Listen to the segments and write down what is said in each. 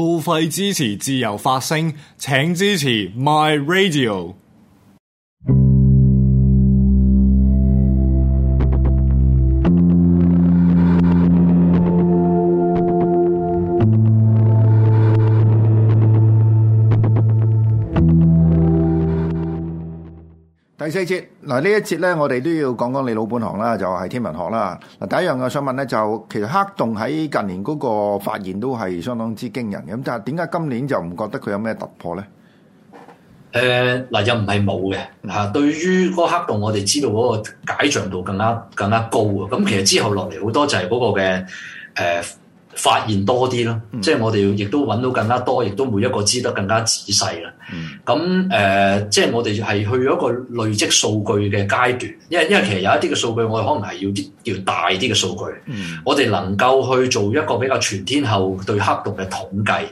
付費支持自由發聲，請支持 My Radio。第四節。嗱，呢一節咧，我哋都要講講你老本行啦，就係、是、天文學啦。嗱，第一樣我想問咧，就其實黑洞喺近年嗰個發現都係相當之驚人嘅。咁但係點解今年就唔覺得佢有咩突破咧？誒、呃，嗱又唔係冇嘅吓。對於個黑洞，我哋知道嗰個解像度更加更加高啊。咁其實之後落嚟好多就係嗰個嘅誒。呃發現多啲咯，嗯、即係我哋亦都揾到更加多，亦都每一個知得更加仔細啦。咁誒、嗯呃，即係我哋係去咗一個累積數據嘅階段，因為因為其實有一啲嘅數,數據，嗯、我哋可能係要啲要大啲嘅數據。我哋能夠去做一個比較全天候對黑洞嘅統計，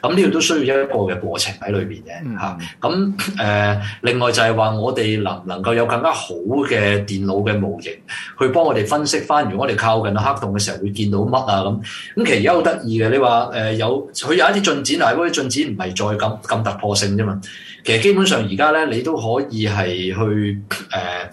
咁呢個都需要一個嘅過程喺裏邊嘅嚇。咁誒、嗯啊呃，另外就係話我哋能唔能夠有更加好嘅電腦嘅模型，去幫我哋分析翻，如果我哋靠近到黑洞嘅時候會見到乜啊咁。其實又好得意嘅，你話誒、呃、有，佢有一啲進展，但係嗰啲進展唔係再咁咁突破性啫嘛。其實基本上而家咧，你都可以係去誒。呃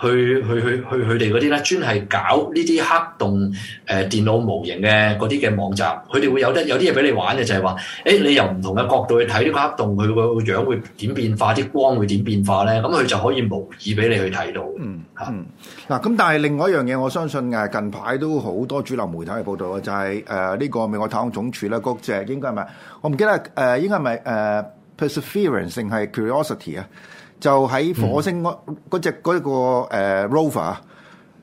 去去去去佢哋嗰啲咧，專係搞呢啲黑洞誒、呃、電腦模型嘅嗰啲嘅網站，佢哋會有得有啲嘢俾你玩嘅，就係話，誒你由唔同嘅角度去睇呢個黑洞，佢個樣會點變化，啲光會點變化咧，咁佢就可以模擬俾你去睇到。嗯，嚇、嗯。嗱、嗯，咁但係另外一樣嘢，我相信啊，近排都好多主流媒體嘅報道啊，就係誒呢個美國太空總署啦，嗰隻應該係咪？我唔記得誒，應該係咪誒 Perseverance 定係 Curiosity 啊？就喺火星嗰嗰隻嗰個誒、呃、rover，誒、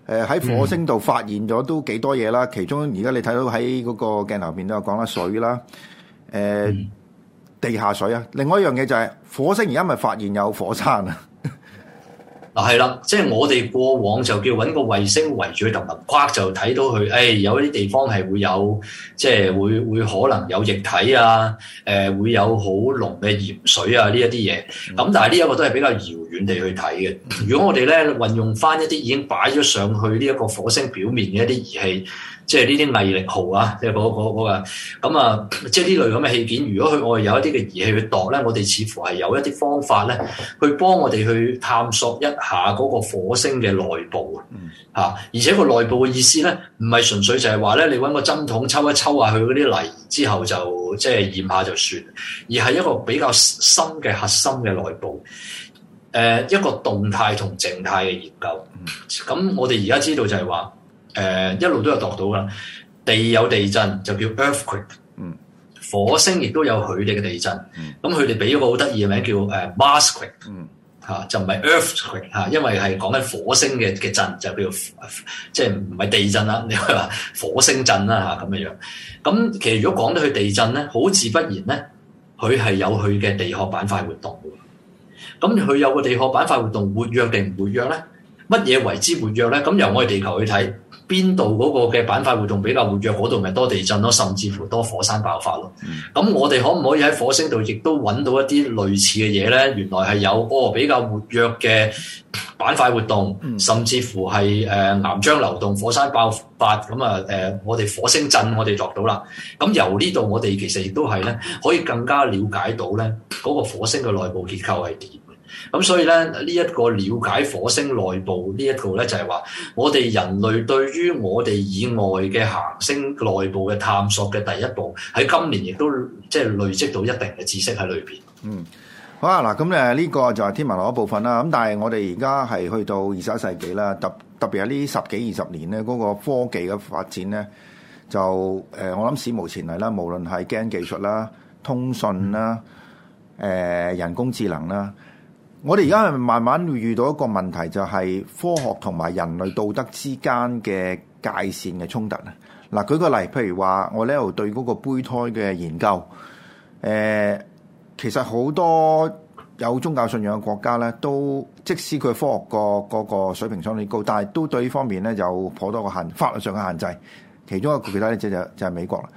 呃、喺火星度發現咗都幾多嘢啦，嗯、其中而家你睇到喺嗰個鏡頭邊都有講啦，水啦，誒、呃嗯、地下水啊，另外一樣嘢就係、是、火星而家咪發現有火山啊。 嗱係啦、啊，即係我哋過往就叫揾個衛星圍住佢揼埋 q 就睇到佢，誒、哎、有啲地方係會有，即係會會可能有液體啊，誒、呃、會有好濃嘅鹽水啊呢一啲嘢。咁但係呢一個都係比較遙遠地去睇嘅。如果我哋咧運用翻一啲已經擺咗上去呢一個火星表面嘅一啲儀器。即係呢啲毅力號啊，即係嗰嗰嗰個，咁啊，即係呢類咁嘅器件，如果佢我哋有一啲嘅儀器去度咧，我哋似乎係有一啲方法咧，去幫我哋去探索一下嗰個火星嘅內部啊，嚇！而且個內部嘅意思咧，唔係純粹就係話咧，你搵個針筒抽一抽一下佢嗰啲泥之後就即係、就是、驗下就算，而係一個比較深嘅核心嘅內部，誒、啊、一個動態同靜態嘅研究。咁、啊、我哋而家知道就係話。誒、呃，一路都有度到噶啦。地有地震就叫 earthquake。嗯。火星亦都有佢哋嘅地震。咁佢哋俾一個好得意嘅名叫誒 marsquake 吓，就唔係 earthquake 吓、啊，因為係講緊火星嘅嘅震，就叫即係唔係地震啦。你話火星震啦吓，咁、啊、嘅樣。咁其實如果講得去地震咧，好自不然咧，佢係有佢嘅地殼板塊活動。咁佢有個地殼板塊活動活躍定唔活躍咧？乜嘢為之活躍咧？咁由我哋地球去睇。邊度嗰個嘅板塊活動比較活躍，嗰度咪多地震咯，甚至乎多火山爆發咯。咁、嗯、我哋可唔可以喺火星度亦都揾到一啲類似嘅嘢呢？原來係有哦，比較活躍嘅板塊活動，甚至乎係誒、呃、岩漿流動、火山爆發。咁啊誒，我哋火星震我哋作到啦。咁由呢度我哋其實亦都係呢，可以更加了解到呢嗰個火星嘅內部結構係點。咁所以咧，呢、這、一個了解火星內部呢一套咧，這個、就係話我哋人類對於我哋以外嘅行星內部嘅探索嘅第一步，喺今年亦都即係累積到一定嘅知識喺裏邊。嗯，好啊，嗱，咁誒呢個就係天文一部分啦。咁但係我哋而家係去到二十一世紀啦，特特別係呢十幾二十年咧，嗰、那個科技嘅發展咧，就誒、呃、我諗史無前例啦。無論係 Gene 技術啦、通訊啦、誒、呃、人工智能啦。我哋而家係慢慢會遇到一個問題，就係、是、科學同埋人類道德之間嘅界線嘅衝突啊！嗱，舉個例，譬如話，我呢度對嗰個胚胎嘅研究，誒、呃，其實好多有宗教信仰嘅國家咧，都即使佢科學個嗰、那個水平相當高，但係都對呢方面咧有頗多個限法律上嘅限制。其中一個其他例子就是、就係、是、美國啦。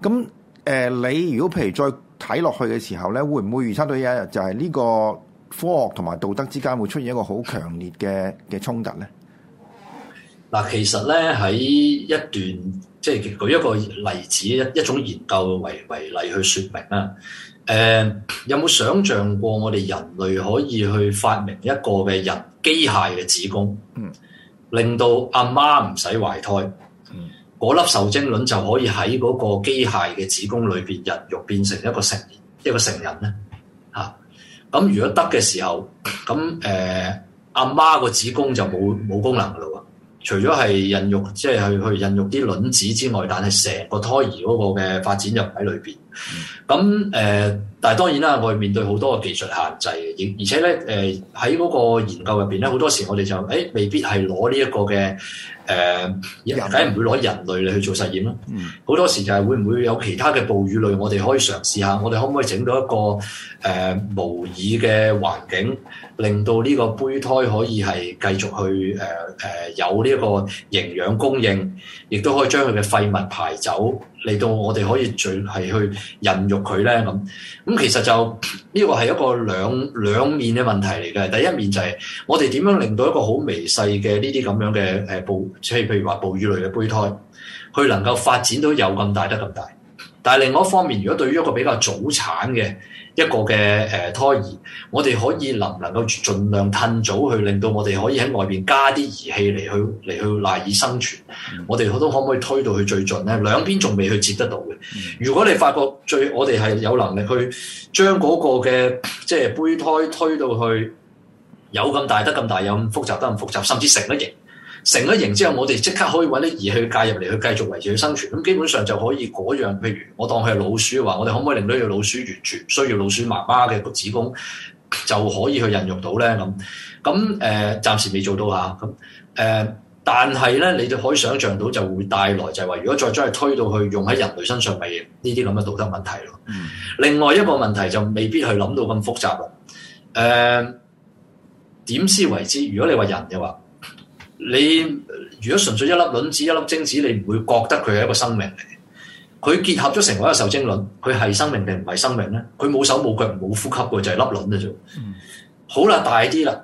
咁誒、呃，你如果譬如再睇落去嘅時候咧，會唔會預測到一日就係呢、這個？科學同埋道德之間會出現一個好強烈嘅嘅衝突咧。嗱，其實呢，喺一段，即係舉一個例子一一種研究為例去説明啊、嗯。有冇想像過我哋人類可以去發明一個嘅人機械嘅子宮，令到阿媽唔使懷胎，嗰粒、嗯、受精卵就可以喺嗰個機械嘅子宮裏邊孕育變成一個成一個成人咧？咁如果得嘅時候，咁誒阿媽個子宮就冇冇功能噶啦喎，除咗係孕育，即係去去孕育啲卵子之外，但係成個胎兒嗰個嘅發展就唔喺裏邊。咁誒、嗯，但係當然啦，我哋面對好多嘅技術限制，而且咧誒喺嗰個研究入邊咧，好多時我哋就誒、欸、未必係攞呢一個嘅誒，梗唔會攞人類嚟去做實驗啦。好、嗯、多時就係會唔會有其他嘅哺乳類，我哋可以嘗試下，我哋可唔可以整到一個誒模擬嘅環境，令到呢個胚胎可以係繼續去誒誒、呃呃、有呢一個營養供應，亦都可以將佢嘅廢物排走。嚟到我哋可以盡係去孕育佢咧咁，咁其實就呢個係一個兩兩面嘅問題嚟嘅。第一面就係我哋點樣令到一個好微細嘅呢啲咁樣嘅誒哺，即係譬如話哺乳類嘅胚胎，佢能夠發展到有咁大得咁大。但係另外一方面，如果對於一個比較早產嘅，一個嘅誒、呃、胎兒，我哋可以能唔能夠盡量褪早去，令到我哋可以喺外邊加啲儀器嚟去嚟去賴以生存。嗯、我哋都可唔可以推到去最盡咧？兩邊仲未去接得到嘅。如果你發覺最我哋係有能力去將嗰個嘅即係胚胎推到去有咁大得咁大，有咁複雜得咁複雜，甚至成一型。成咗型之後，我哋即刻可以揾啲儀器介入嚟去繼續維持佢生存，咁基本上就可以嗰樣。譬如我當佢係老鼠嘅話，我哋可唔可以令到個老鼠完全唔需要老鼠媽媽嘅個子宮就可以去孕育到呢？咁咁誒，暫、呃、時未做到嚇。咁、啊、誒，但係呢，你就可以想象到就會帶來就係話，如果再將佢推到去用喺人類身上，咪呢啲咁嘅道德問題咯。嗯、另外一個問題就未必去諗到咁複雜咯。誒、啊、點先為之？如果你話人嘅話，你如果純粹一粒卵子一粒精子，你唔會覺得佢係一個生命嚟嘅。佢結合咗成為一個受精卵，佢係生命定唔係生命咧？佢冇手冇腳冇呼吸嘅，就係粒卵嘅啫。嗯、好啦，大啲啦，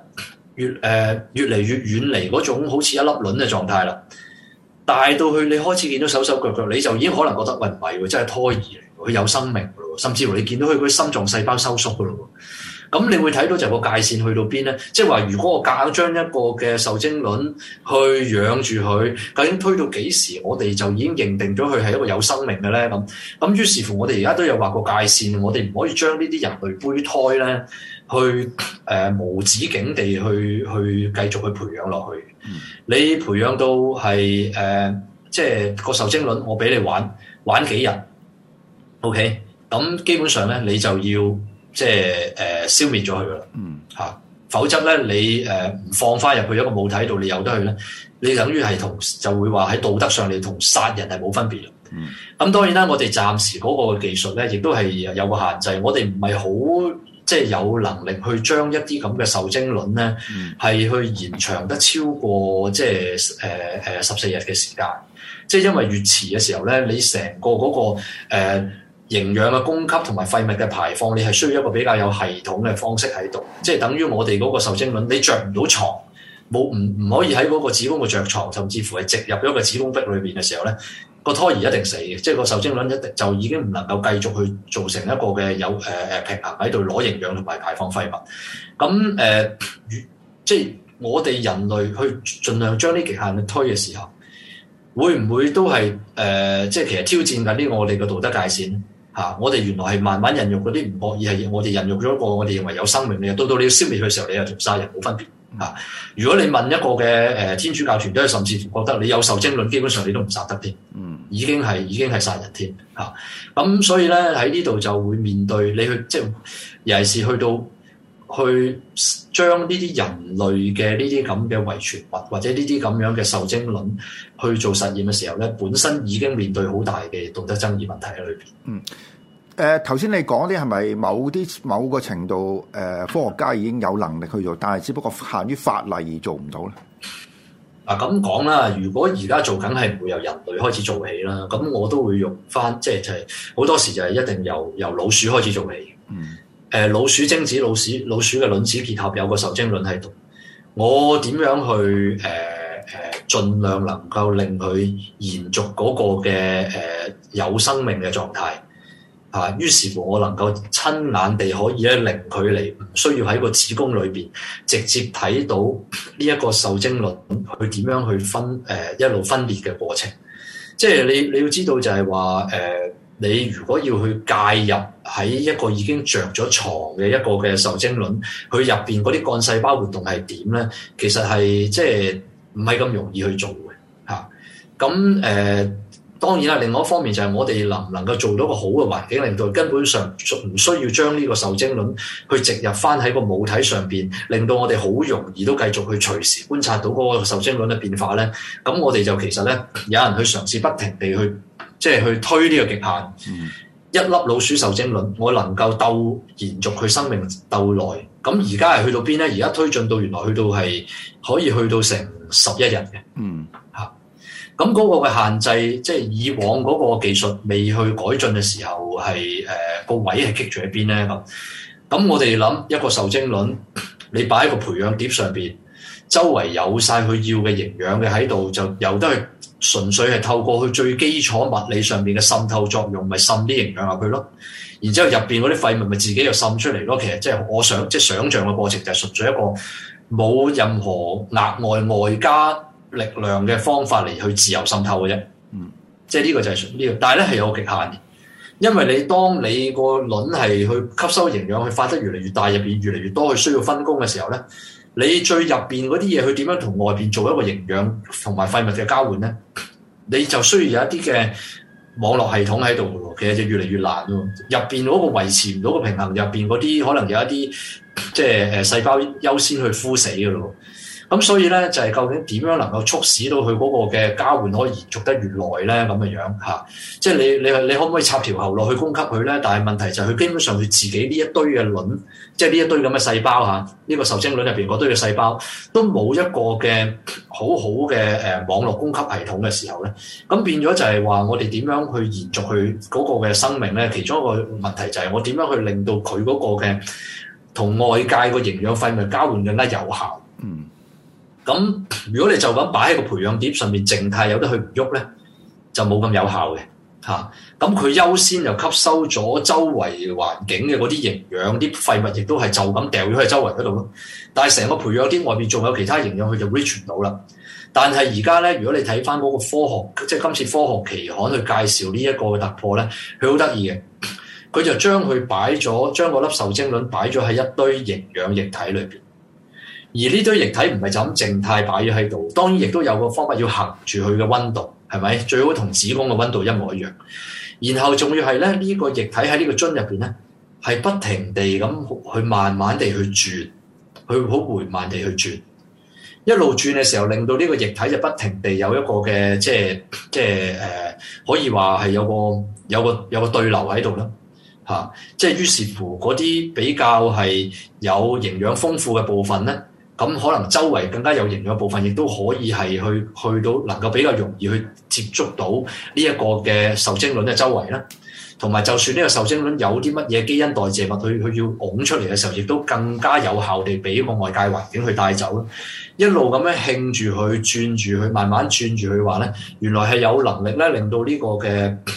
越誒、呃、越嚟越遠離嗰種好似一粒卵嘅狀態啦。大到去你開始見到手手腳腳，你就已經可能覺得喂唔係喎，真係胎兒嚟喎，佢有生命喎，甚至乎你見到佢嗰啲心臟細胞收縮嘅咯。咁你會睇到就個界線去到邊呢？即係話，如果我夾硬將一個嘅受精卵去養住佢，究竟推到幾時，我哋就已經認定咗佢係一個有生命嘅呢？咁咁於是乎，我哋而家都有劃個界線，我哋唔可以將呢啲人類胚胎呢去誒、呃、無止境地去去繼續去培養落去。嗯、你培養到係誒、呃，即係個受精卵，我俾你玩玩幾日。嗯、OK，咁基本上呢，你就要。即係誒、呃、消滅咗佢啦，嚇、啊！否則咧，你誒唔、呃、放翻入去一個母體度，你有得去咧？你等於係同就會話喺道德上你同殺人係冇分別啦。咁、嗯、當然啦，我哋暫時嗰個技術咧，亦都係有個限制。我哋唔係好即係有能力去將一啲咁嘅受精卵咧，係、嗯、去延長得超過即係誒誒十四日嘅時間。即係因為越遲嘅時候咧，你成個嗰、嗰個、呃呃呃營養嘅供給同埋廢物嘅排放，你係需要一個比較有系統嘅方式喺度，即係等於我哋嗰個受精卵，你着唔到床，冇唔唔可以喺嗰個子宮嘅着床，甚至乎係植入咗個子宮壁裏邊嘅時候咧，個胎兒一定死嘅，即係個受精卵一定就已經唔能夠繼續去造成一個嘅有誒誒平衡喺度攞營養同埋排放廢物。咁誒、呃，即係我哋人類去盡量將呢極限去推嘅時候，會唔會都係誒、呃？即係其實挑戰緊呢我哋嘅道德界線。啊！我哋原來係慢慢孕育嗰啲唔惡意，係我哋孕育咗個我哋認為有生命嘅，到到你要消滅佢時候，你又同殺人冇分別啊！如果你問一個嘅誒、呃、天主教徒，都係甚至乎覺得你有受精卵，基本上你都唔殺得添，嗯，已經係已經係殺人添嚇。咁、啊、所以咧喺呢度就會面對你去即係，尤其是去到，去將呢啲人類嘅呢啲咁嘅遺傳物，或者呢啲咁樣嘅受精卵去做實驗嘅時候咧，本身已經面對好大嘅道德爭議問題喺裏邊。嗯，誒頭先你講啲係咪某啲某個程度誒科學家已經有能力去做，但係只不過限於法例而做唔到咧？嗱咁講啦，如果而家做緊係唔會由人類開始做起啦，咁我都會用翻，即係就係好多時就係一定由由老鼠開始做起。嗯。誒老鼠精子、老鼠老鼠嘅卵子結合，有個受精卵喺度。我點樣去誒誒，儘量能夠令佢延續嗰個嘅誒有生命嘅狀態。啊，於是乎我能夠親眼地可以咧，零距離唔需要喺個子宮裏邊直接睇到呢一個受精卵去點樣去分誒一路分裂嘅過程。即係你你要知道就係話誒。呃你如果要去介入喺一個已經着咗床嘅一個嘅受精卵，佢入邊嗰啲幹細胞活動係點咧？其實係即係唔係咁容易去做嘅嚇。咁、啊、誒、呃，當然啦，另外一方面就係我哋能唔能夠做到個好嘅環境令到根本上唔需要將呢個受精卵去植入翻喺個母體上邊，令到我哋好容易都繼續去隨時觀察到嗰個受精卵嘅變化咧。咁我哋就其實咧，有人去嘗試不停地去。即係去推呢個極限，嗯、一粒老鼠受精卵，我能夠鬥延續佢生命鬥耐。咁而家係去到邊呢？而家推進到原來去到係可以去到成十一日嘅。嗯，吓咁嗰個嘅限制，即係以往嗰個技術未去改進嘅時候，係誒個位係棘住喺邊呢？咁、啊。咁我哋諗一個受精卵，你擺喺個培養碟上邊，周圍有晒佢要嘅營養嘅喺度，就由得佢。純粹係透過佢最基礎物理上面嘅滲透作用，咪、就是、滲啲營養入去咯。然之後入邊嗰啲廢物咪自己又滲出嚟咯。其實即係我想即係、就是、想像嘅過程，就係純粹一個冇任何額外外加力量嘅方法嚟去自由滲透嘅啫。嗯，即係呢個就係純粹呢個，但係咧係有極限嘅，因為你當你個卵係去吸收營養，佢發得越嚟越大，入邊越嚟越多，佢需要分工嘅時候咧。你最入邊嗰啲嘢，佢點樣同外邊做一個營養同埋廢物嘅交換呢？你就需要有一啲嘅網絡系統喺度，其實就越嚟越難喎。入邊嗰個維持唔到個平衡，入邊嗰啲可能有一啲即係誒細胞優先去枯死嘅咯。咁所以咧，就係、是、究竟點樣能夠促使到佢嗰個嘅交換可以延續得越耐咧？咁嘅樣嚇、啊，即係你你你可唔可以插條喉落去供給佢咧？但係問題就係佢基本上佢自己呢一堆嘅卵，即係呢一堆咁嘅細胞嚇，呢、啊這個受精卵入邊嗰堆嘅細胞都冇一個嘅好好嘅誒網絡供給系統嘅時候咧，咁變咗就係話我哋點樣去延續佢嗰個嘅生命咧？其中一個問題就係我點樣去令到佢嗰個嘅同外界個營養廢物交換更加有效？嗯。咁如果你就咁擺喺個培養碟上面靜態有得佢唔喐咧，就冇咁有，有效嘅嚇。咁、啊、佢優先又吸收咗周圍環境嘅嗰啲營養，啲廢物亦都係就咁掉咗去周圍嗰度咯。但係成個培養碟外邊仲有其他營養，佢就 reach 到啦。但係而家咧，如果你睇翻嗰個科學，即、就、係、是、今次科學期刊去介紹呢一個嘅突破咧，佢好得意嘅，佢就將佢擺咗，將個粒受精卵擺咗喺一堆營養液體裏邊。而呢堆液體唔係就咁靜態擺咗喺度，當然亦都有個方法要行住佢嘅温度，係咪？最好同子宮嘅温度一模一樣。然後仲要係咧，呢個液體喺呢個樽入邊咧，係不停地咁去慢慢地去轉，佢好緩慢地去轉，一路轉嘅時候，令到呢個液體就不停地有一個嘅即係即係誒、呃，可以話係有個有個有個對流喺度啦，嚇、啊！即係於是乎嗰啲比較係有營養豐富嘅部分咧。咁可能周圍更加有營養部分，亦都可以係去去到能夠比較容易去接觸到呢一個嘅受精卵嘅周圍啦。同埋，就算呢個受精卵有啲乜嘢基因代謝物，佢佢要拱出嚟嘅時候，亦都更加有效地俾個外界環境去帶走咯。一路咁樣興住佢，轉住佢，慢慢轉住佢，話呢，原來係有能力呢，令到呢個嘅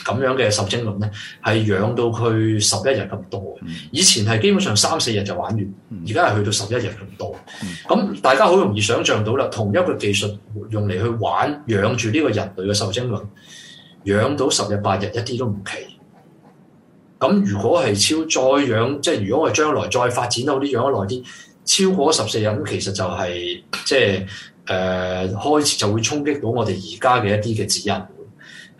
咁樣嘅受精卵呢，係養到佢十一日咁多嘅。以前係基本上三四日就玩完，而家係去到十一日咁多。咁大家好容易想像到啦，同一個技術用嚟去玩，養住呢個人類嘅受精卵，養到十日八日，一啲都唔奇。咁如果係超再養，即係如果我哋將來再發展得好啲，養得耐啲，超過十四日，咁其實就係、是、即係誒、呃、開始就會衝擊到我哋而家嘅一啲嘅指引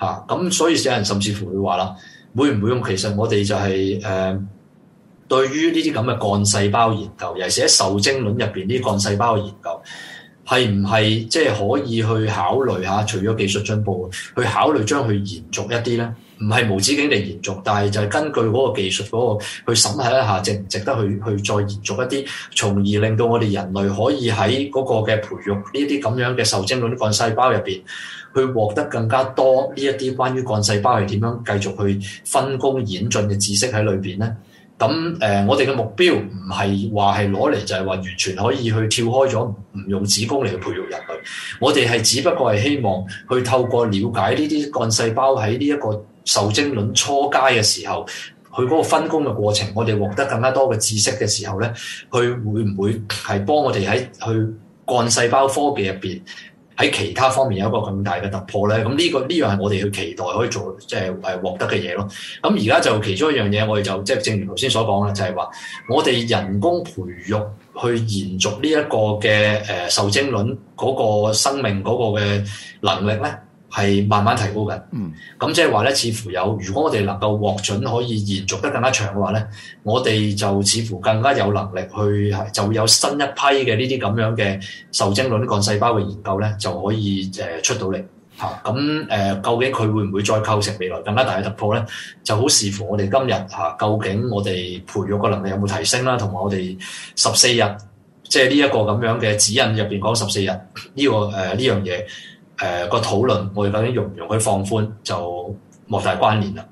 嚇。咁、啊、所以有人甚至乎會話啦，會唔會用？其實我哋就係、是、誒、呃、對於呢啲咁嘅幹細胞研究，尤其是喺受精卵入邊啲幹細胞研究，係唔係即係可以去考慮下、啊，除咗技術進步，去考慮將佢延續一啲咧？唔係無止境地延續，但係就係根據嗰個技術嗰個去審核一下，值唔值得去去再延續一啲，從而令到我哋人類可以喺嗰個嘅培育呢啲咁樣嘅受精卵幹細胞入邊，去獲得更加多呢一啲關於幹細胞係點樣繼續去分工演進嘅知識喺裏邊呢，咁誒、呃，我哋嘅目標唔係話係攞嚟就係、係、話完全可以去跳開咗唔用子宮嚟去培育人類，我哋係只不過係希望去透過了解呢啲幹細胞喺呢一個。受精卵初階嘅時候，佢嗰個分工嘅過程，我哋獲得更加多嘅知識嘅時候呢，佢會唔會係幫我哋喺去幹細胞科技入邊喺其他方面有一個咁大嘅突破呢？咁、這、呢個呢樣係我哋去期待可以做即係誒獲得嘅嘢咯。咁而家就其中一樣嘢，我哋就即係、就是、正如頭先所講啦，就係、是、話我哋人工培育去延續呢一個嘅誒、呃、受精卵嗰個生命嗰個嘅能力呢。係慢慢提高緊，咁、嗯、即係話咧，似乎有。如果我哋能夠獲准可以延續得更加長嘅話咧，我哋就似乎更加有能力去，就會有新一批嘅呢啲咁樣嘅受精卵幹細胞嘅研究咧，就可以誒、呃、出到嚟嚇。咁、啊、誒，究竟佢會唔會再構成未來更加大嘅突破咧？就好視乎我哋今日嚇、啊，究竟我哋培育嘅能力有冇提升啦，同埋我哋十四日，即係呢一個咁樣嘅指引入邊講十四日呢個誒呢、呃、樣嘢。誒個、呃、討論，我哋究竟容唔容許放寬，就莫大關聯啦。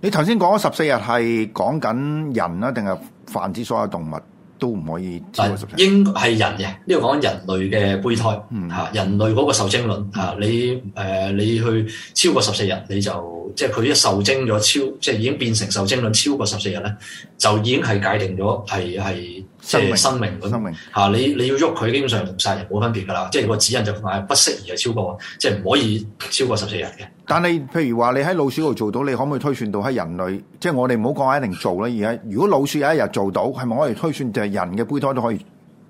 你頭先講十四日係講緊人啦，定係繁之所有動物都唔可以？嗱，應係人嘅，呢個講人類嘅胚胎，嚇、嗯、人類嗰個受精卵嚇、啊、你誒、呃，你去超過十四日，你就即係佢一受精咗超，即係已經變成受精卵超過十四日咧，就已經係界定咗係係。即係生命咁，吓你你要喐佢，基本上同殺人冇分別㗎啦。即係個指引就話不適宜係超過，即係唔可以超過十四日嘅。但係譬如話你喺老鼠度做到，你可唔可以推算到喺人類？即係我哋唔好講話一定做啦。而家如果老鼠有一日做到，係咪可以推算就係人嘅胚胎都可以？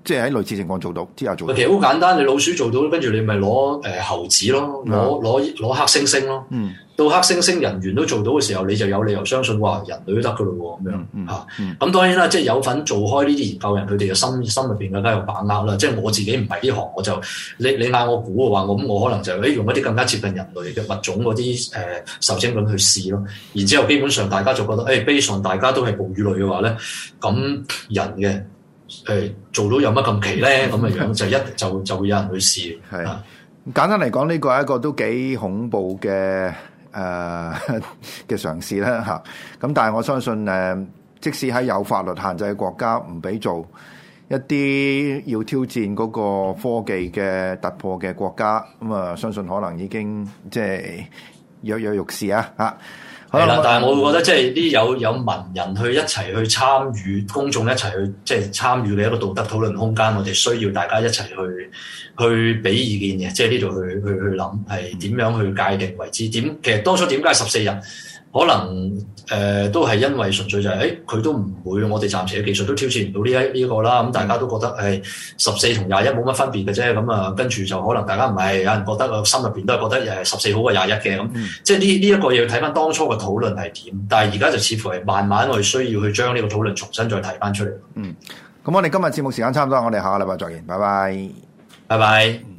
即係喺類似情況做到之下做到，其實好簡單。你老鼠做到，跟住你咪攞誒猴子咯，攞攞攞黑猩猩咯，嗯、到黑猩猩、人猿都做到嘅時候，你就有理由相信話人類都得嘅咯咁樣嚇。咁、啊嗯嗯啊、當然啦，即係有份做開呢啲研究人，佢哋嘅心心入邊更加有把握啦。即係我自己唔係呢行，我就你你嗌我估嘅話，咁我可能就用一啲更加接近人類嘅物種嗰啲誒受精卵去試咯。然之後基本上大家就覺得誒悲慘，哎呃、基本上大家都係哺乳類嘅話咧，咁人嘅。誒，做到有乜咁奇咧？咁嘅樣就是，一就就會有人去試。係啊，簡單嚟講呢個係一個都幾恐怖嘅、誒嘅嘗試啦吓。咁、呃、 但係我相信誒，即使喺有法律限制嘅國家唔俾做一啲要挑戰嗰個科技嘅突破嘅國家，咁、嗯、啊，相信可能已經即係躍躍欲試啊吓。係啦，但係我會覺得即係啲有有文人去一齊去參與，公眾一齊去即係參與嘅一個道德討論空間，我哋需要大家一齊去去俾意見嘅，即係呢度去去去諗，係點樣去界定為之？點其實當初點解十四日？可能誒、呃、都係因為純粹就係、是、誒，佢、欸、都唔會，我哋暫時嘅技術都挑戰唔到呢一呢個啦。咁、這個、大家都覺得係十四同廿一冇乜分別嘅啫。咁、嗯、啊，跟住就可能大家唔係有人覺得個心入邊都係覺得誒十四好過廿一嘅。咁、嗯嗯、即係呢呢一個要睇翻當初嘅討論係點。但係而家就似乎係慢慢我哋需要去將呢個討論重新再提翻出嚟。嗯，咁我哋今日節目時間差唔多，我哋下個禮拜再見，拜拜，拜拜。